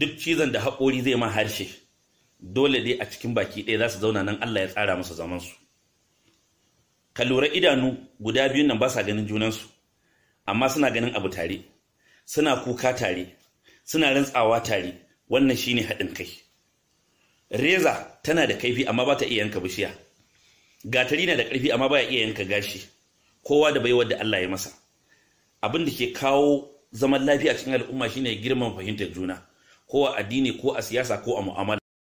duk cizon da haƙori zai ma harshe dole dai a cikin baki ɗaya za su zauna nan Allah ya tsara musu zamansu ka lura idanu guda biyun nan ba sa ganin junansu amma suna ganin abu tare suna kuka tare suna rantsawa tare wannan shine haɗin kai reza tana da kaifi amma ba ta iya yanka bishiya gatari na da ƙarfi amma ba ya iya yanka gashi kowa da baiwar da Allah ya masa abin da ke kawo zaman lafiya cikin al'umma shine girman fahimtar juna ko a addini ko a siyasa ko a mu'amala